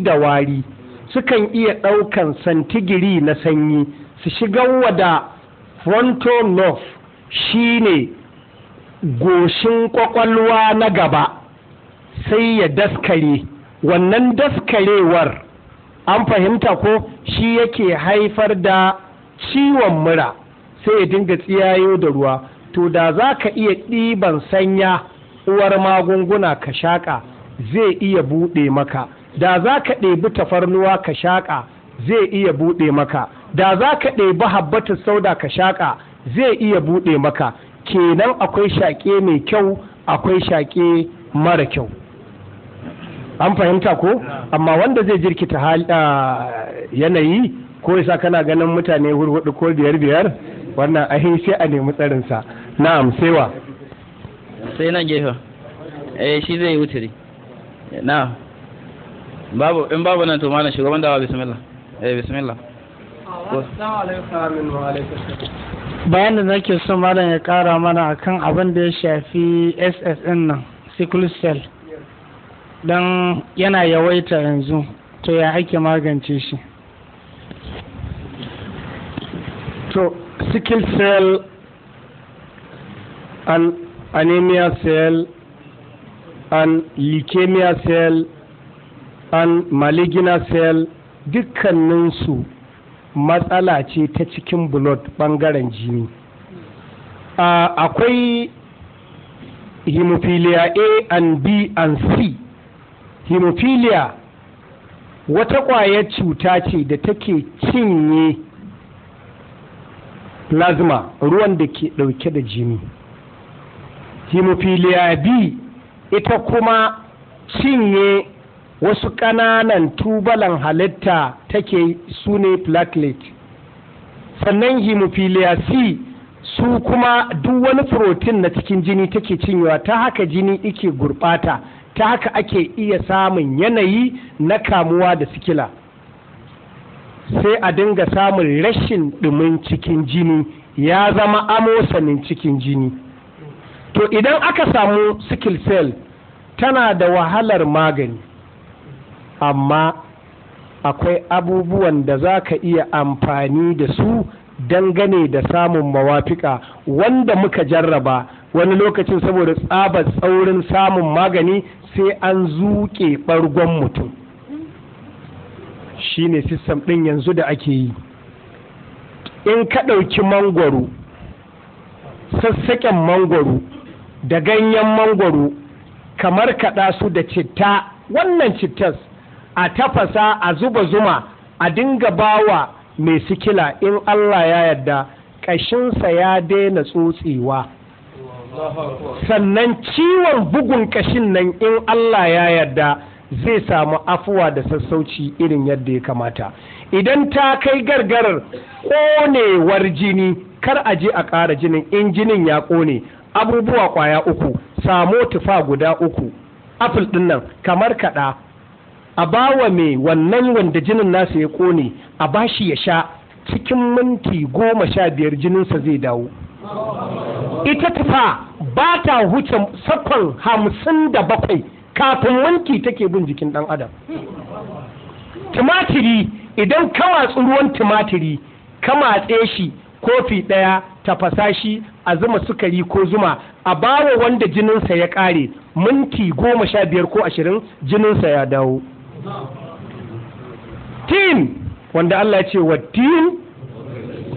da wari sukan iya ɗaukan santigiri na sanyi su wa da frontal shi shine goshin kwakwalwa na gaba sai ya daskare wannan daskarewar an fahimta ko shi yake haifar da ciwon mura sai ya dinga tsiyayo da ruwa to da za ka iya ɗiban sanya uwar magunguna ka shaƙa zai iya buɗe maka da za ka ɗebi tafarnuwa ka shaƙa zai iya buɗe maka da za ka ɗebi habbatin sauda ka shaƙa zai iya buɗe maka kenan akwai shaƙe mai kyau akwai shaƙe mara kyau an fahimta ko amma wanda zai jirkita yanayi ko yasa kana ganin mutane hurhudu ko biyar biyar wannan ahi sai a nemi tsarinsa na'am wa sai nan gefe eh shi zai wuturi na'am babu in babu nan to malam shugaban da bismillah eh bismillah bayan da nake so malam ya kara mana akan abin da ya shafi ssn nan sickle cell don yana yawaita yanzu to ya ake magance shi to sickle cell an anemia cell an leukemia cell an malignant cell dukkaninsu matsala ce ta cikin blood bangaren jini akwai hemophilia a and b and c hemophilia wata ƙwayar cuta ce da take cinye plasma ruwan da ke ɗauke da jini hemophilia b ita kuma cinye wasu ƙananan tubalan halitta take su ne platelet sannan hemophilia c su kuma duk wani protein na cikin jini take cinyewa ta haka jini ike gurɓata ta haka ake iya samun yanayi na kamuwa da sikila sai a dinga samun rashin ɗumin cikin jini ya zama amosanin cikin jini to idan aka samu sickle cell tana da wahalar magani amma akwai abubuwan da za ka iya amfani da su dangane da samun mawafika wanda muka jarraba wani lokacin saboda tsabar tsaurin samun magani sai an zuƙe ɓargon mutum Shi ne sistem ɗin yanzu da ake yi in ka ɗauki mangwaro sassaƙen mangwaro da ganyen mangwaro kamar kaɗa su da citta wannan cittas a tafasa a zuba zuma a dinga bawa mai sikila in Allah ya yarda ƙashinsa ya daina tsotsewa sannan ciwon bugun ƙashin nan in Allah ya yarda zai samu afuwa da sassauci irin yadda ya kamata idan ta kai gargarar ƙonewar jini kar a je a ƙara jinin in jinin ya ƙone abubuwa ƙwaya uku samo tufa guda uku afil ɗin nan kamar kaɗa a bawa mai wannan wanda jinin nasa ya kone a ba shi ya sha cikin minti goma sha biyar jininsa zai dawo ita tufa ba ta huce sakon hamsin da bakwai kafin wanki take bin jikin ɗan adam tumatiri idan ka watsu ruwan tumatiri ka matse shi kofi ɗaya tafasa shi a zuma sukari ko zuma a bawa wanda jininsa ya ƙare minti goma sha biyar ko ashirin jininsa ya dawo tin wanda Allah ce wa tin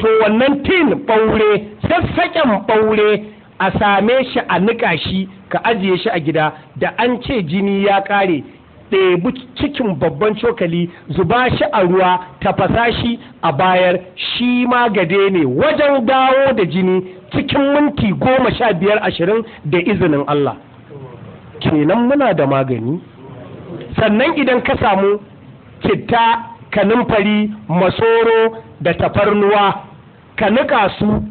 to wannan tin ɓaure sassaƙen ɓaure a same shi a niƙa shi ka ajiye shi a gida da an ce jini ya ƙare ɗebi cikin babban cokali zuba shi a ruwa tafasa shi a bayar shi ma gade ne wajen dawo da jini cikin minti goma sha biyar ashirin da izinin Allah kenan muna da magani sannan idan ka samu citta numfari masoro da tafarnuwa ka niƙa su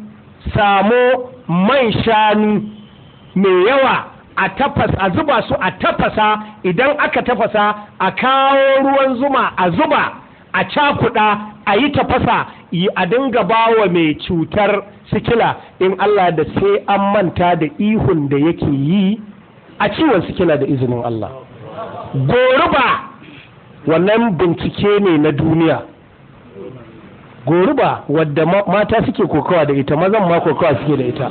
samu man shanu mai yawa a tafasa a zuba su a tafasa idan aka tafasa a kawo ruwan zuma a zuba a cakuɗa a yi tafasa a dinga bawa mai cutar sikila in Allah da sai an manta da ihun da yake yi a ciwon sikila da izinin Allah goruba wannan bincike ne na duniya goruba wadda mata suke kokawa da ita mazan ma kokawa suke da ita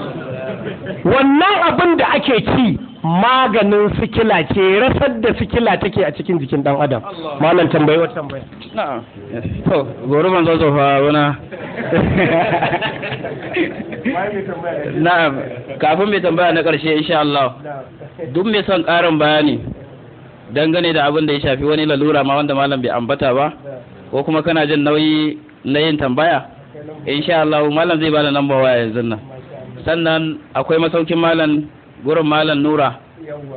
wannan abin da ake ci maganin sikila ce rasar da sikila take a cikin jikin dan adam malam tambayi wata tambaya na'am to goruban zo fa wana na'am kafin mai tambaya na karshe insha Allah duk mai son karin bayani dangane da abin da ya shafi wani lalura ma wanda malam bai ambata ba ko kuma kana jin nauyi na yin tambaya insha Allah malam zai bada namba waya yanzu nan sannan akwai masaukin malam gurin malam Nura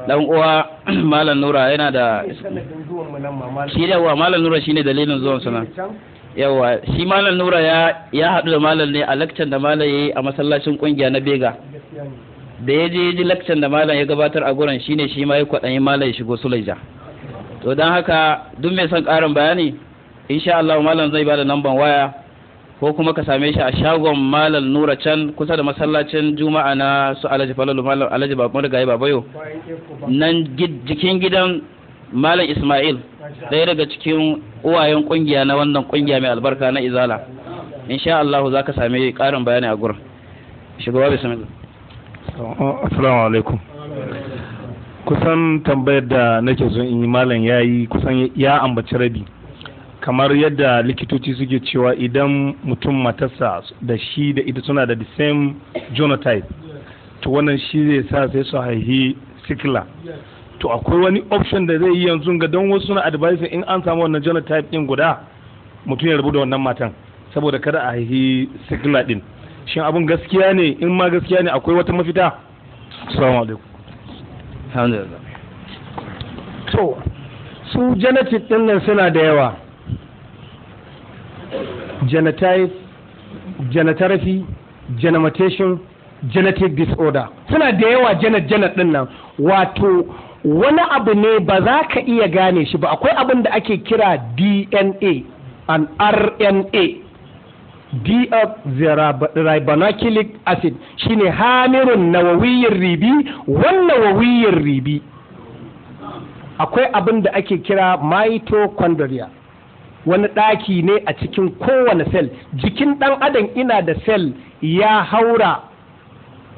dan uwa malam Nura yana da shi da wa malam Nura shine dalilin zuwan sa nan yawa shi malam Nura ya ya hadu da malam ne a lakcin da malam yayi a masallacin kungiya na Bega da ya je ji lakcan da malam ya gabatar a gurin shine shi ma ya kwaɗanyi malam ya shigo sulaija to don haka duk mai son ƙarin bayani insha Allah malam zai bada namban waya ko kuma ka same shi a shagon malam nura can kusa da masallacin juma'a na su alhaji falalu malam alhaji babu da gaye babayo nan jikin gidan malam ismail ɗaya daga cikin uwayen kungiya na wannan kungiya mai albarka na izala insha Allah za ka same ƙarin bayani a gurin shugaba bismillah assalamu alaikum kusan tambayar da nake zo in yi malam ya yi kusan ya ambaci rabi kamar yadda likitoci suke cewa idan mutum matarsa da shi da ita suna da the same genotype to wannan shi zai sa sai su haihi sikila to akwai wani option da zai yi yanzu ga don wasu suna advice in an samu wannan genotype din guda mutum ya rabu da wannan matan saboda kada a haihi sikila din shin abun gaskiya ne in ma gaskiya ne akwai wata mafita assalamu alaikum to su genetic din nan suna da yawa genotype genotherapy genomatation genetic disorder suna da yawa janet janet din nan wato wani abu ne ba za ka iya gane shi ba akwai abin da ake kira dna and rna deoxyribonucleic acid shine hamirin nawawiyyar ribi wannan wawiyyar ribi akwai abin da ake kira mitochondria wani ɗaki ne a cikin kowane sel jikin ɗan adam ina da sel ya haura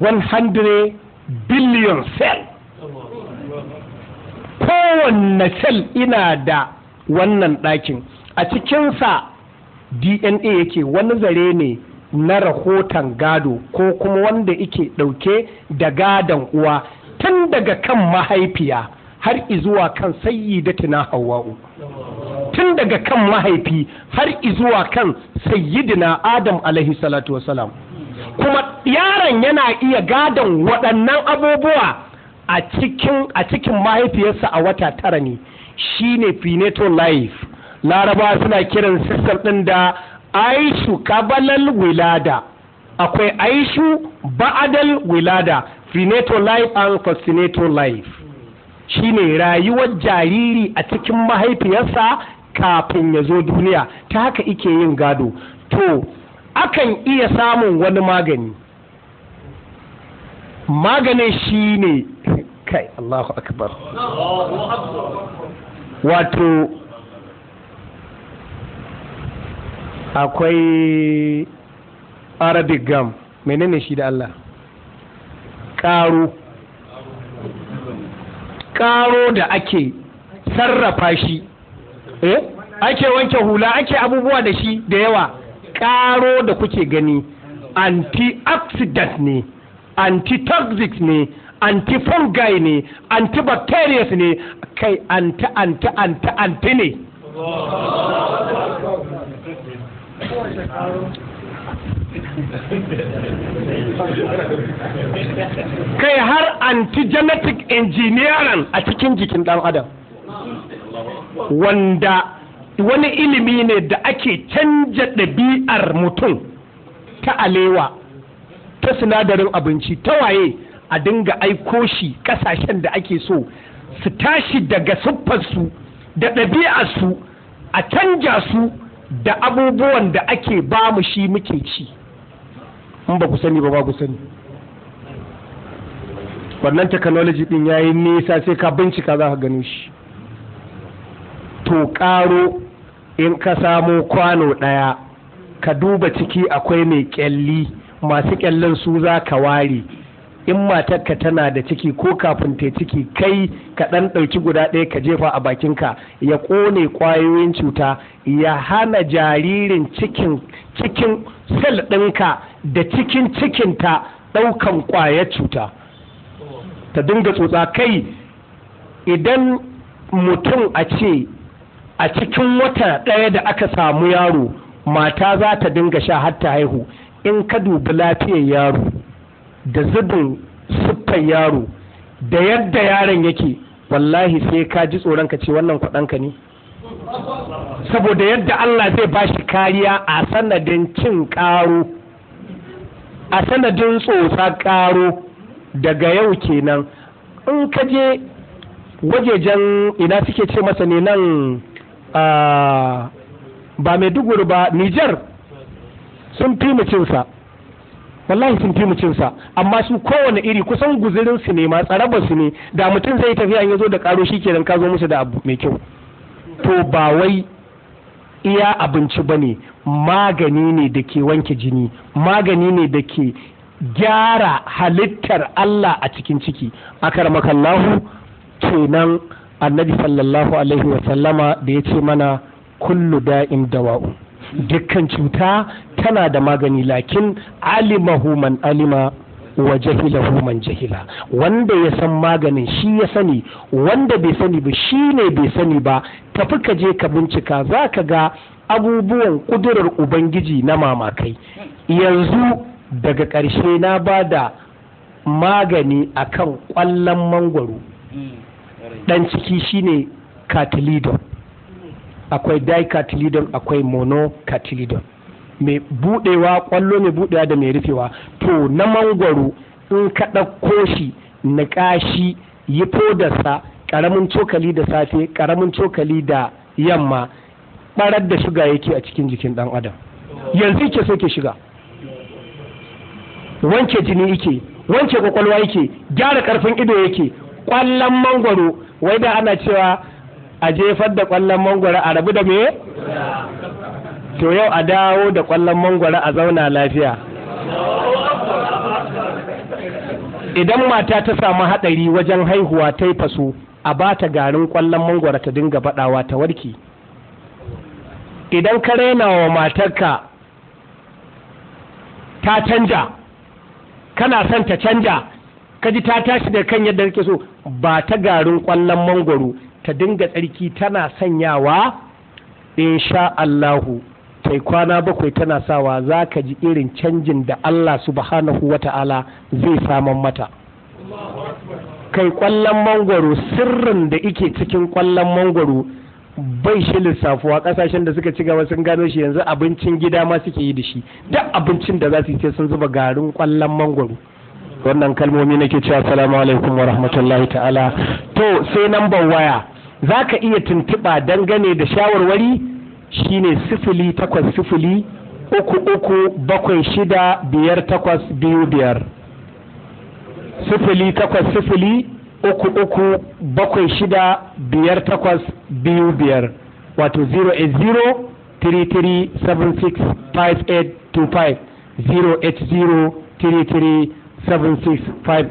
100 billion sel kowanne sel ina da wannan ɗakin a cikinsa dna yake wani zare ne na rahoton gado ko kuma wanda yake ɗauke da gadon uwa tun daga kan mahaifiya har izuwa kan tuna hawa'u tun daga kan mahaifi har izuwa kan sayyidina adam alaihi salatu wasalam kuma yaron yana iya gadon waɗannan abubuwa a cikin mahaifiyarsa a wata tara ne shine prenatal life laraba suna kiran sistem ɗin da aishu kabalal wilada akwai aishu ba'adal wilada prenatal life and postnatal life shine rayuwar jariri a cikin mahaifiyarsa kafin ya zo duniya ta haka ike yin gado to akan iya samun wani magani maganin shi ne kai allahu akbar wato akwai arabic gam menene shi da Allah Karo. Karo da ake sarrafa shi eh ake wanke hula ake abubuwa da shi da yawa karo da kuke gani antioxidant ne antitoxic ne antifungi ne antibacterius ne kai anti anti anti anti ne kai har anti-genetic engineering a cikin jikin ɗan adam wanda wani ilimi ne da ake canja ɗabi'ar mutum ta alewa ta sinadarin abinci ta waye a dinga aiko shi ƙasashen da ake so su tashi daga siffarsu da ɗabi'arsu a canja su da abubuwan da ake ba mu shi muke ci in ba ku sani ba ba ku sani wannan technology din yayi nisa sai ka bincika za ka gano shi to karo in ka samo kwano ɗaya ka duba ciki akwai mai kyalli masu kyallin su za ka ware in matarka tana da ciki ko kafin ta ciki kai ka ɗan ɗauki guda ɗaya ka jefa a bakinka ya ƙone ƙwayoyin cuta ya hana jaririn cikin cikin sel ɗinka da cikin cikin ta ɗaukan ƙwayar cuta ta dinga tsotsa kai idan mutum a ce a cikin wata ɗaya da aka samu yaro mata za ta dinga sha har ta haihu in ka dubi lafiyar yaro da zubin siffar yaro da yadda yaron yake wallahi sai ka ji tsoron ka ce wannan kwaɗanka ne saboda yadda Allah zai ba shi kariya a sanadin cin ƙaro a sanadin tsotsa ƙaro daga yau kenan in ka je wajejen ina suke ce masa ne nan ba maiduguri ba nijar sun fi mu cinsa wallahi sun fi mutum sa amma su kowane iri kusan guzurin su ne ma tsarabar su ne da mutum zai tafiya ya zo da karo shikenan ka zo musu da abu mai kyau to ba wai iya abinci bane magani ne da ke wanke jini magani ne da ke gyara halittar Allah a cikin ciki akarmakallahu kenan annabi sallallahu alaihi wa sallama da ya ce mana kullu da'in dawa'u dukkan cuta tana da magani lakin alimahu man alima wa jahilahu man jahila wanda ya san maganin shi ya sani wanda bai sani ba shi ne bai sani ba tafi ka je ka bincika za ka ga abubuwan kudurar ubangiji na mamakai yanzu daga ƙarshe na ba da magani a kan ƙwallon mangwaro hmm, ɗan ciki shi ne katilidon akwai dicotyledon akwai monocotyledon mai budewa kwallo mai budewa da mai rufewa to na mangwaro in ka ɗauko shi na kashi yi fodarsa karamin cokali da safe ƙaramin cokali da yamma barar da shiga yake a cikin jikin ɗan adam yanzu ke so ke shiga wanke jini yake wanke kwakwalwa yake gyara ƙarfin ido yake ƙwallon mangwaro wai da ana cewa a jefar da ƙwallon mangwara a rabu da me to yau a dawo da ƙwallon mangwara a zauna lafiya idan mata ta samu haɗari wajen haihuwa ta yi faso a ba ta garin ƙwallon mangwara ta dinga baɗawa ta warki idan ka raina wa matarka ta canja kana son ta canja ka ji ta tashi da kan yadda kake so ba ta garin ƙwallon mangwaro ta dinga tsarki tana sanyawa sha Allahu kai kwana bakwai tana sawa za ka ji irin canjin da Allah subhanahu wa ta'ala zai saman mata kai kwallon mangwaro sirrin da ike cikin ƙwallon mangwaro bai shi lissafuwa ƙasashen da suka ci gaba sun gano shi yanzu abincin gida ma suke yi da shi duk abincin da za su yi sun zuba garin kwallon mangwaro wannan kalmomi nake cewa salamu alaikum wa rahmatullahi ta'ala to sai namban waya za ka iya tuntuɓa dangane da shawarwari shine sifili takwas sifili uku uku bakwai shida biyar takwas biyu biyar sifili takwas sifili uku uku bakwai shida biyar takwas biyu biyar wato 080 eight zero 080 33 suna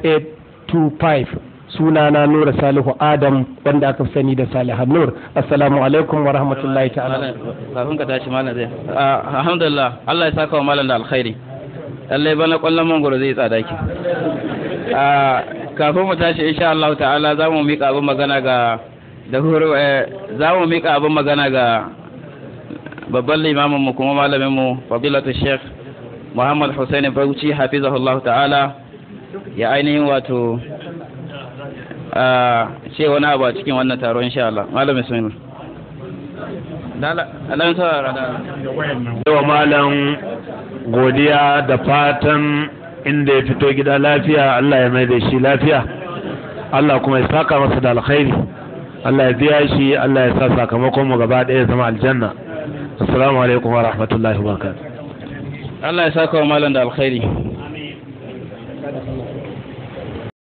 sunana Nura Salihu Adam wanda aka sani da Salihu Nur assalamu alaikum wa rahmatullahi ta'ala kafin ka tashi malam zai ah, alhamdulillah Allah ya saka wa malam da alkhairi lallai bana kwallon mangoro zai tsada ki ah, kafin mu tashi insha Allah ta'ala za mu mika abin magana ga da huru eh, za mu mika abin magana ga babban limamin mu kuma malamin mu fadilatu sheikh muhammad hussein bauchi hafizahullahu ta'ala ya ainihin wato ce wani abu a cikin wannan taro insha Allah malam bismillah Alan sa da wa malam godiya da fatan inda ya fito gida lafiya Allah ya mai da shi lafiya Allah kuma ya saka masa da alkhairi Allah ya biya shi Allah ya sa sakamakon mu gaba ɗaya zama aljanna assalamu alaikum wa rahmatullahi wa barakatuh Allah ya saka wa malam da alkhairi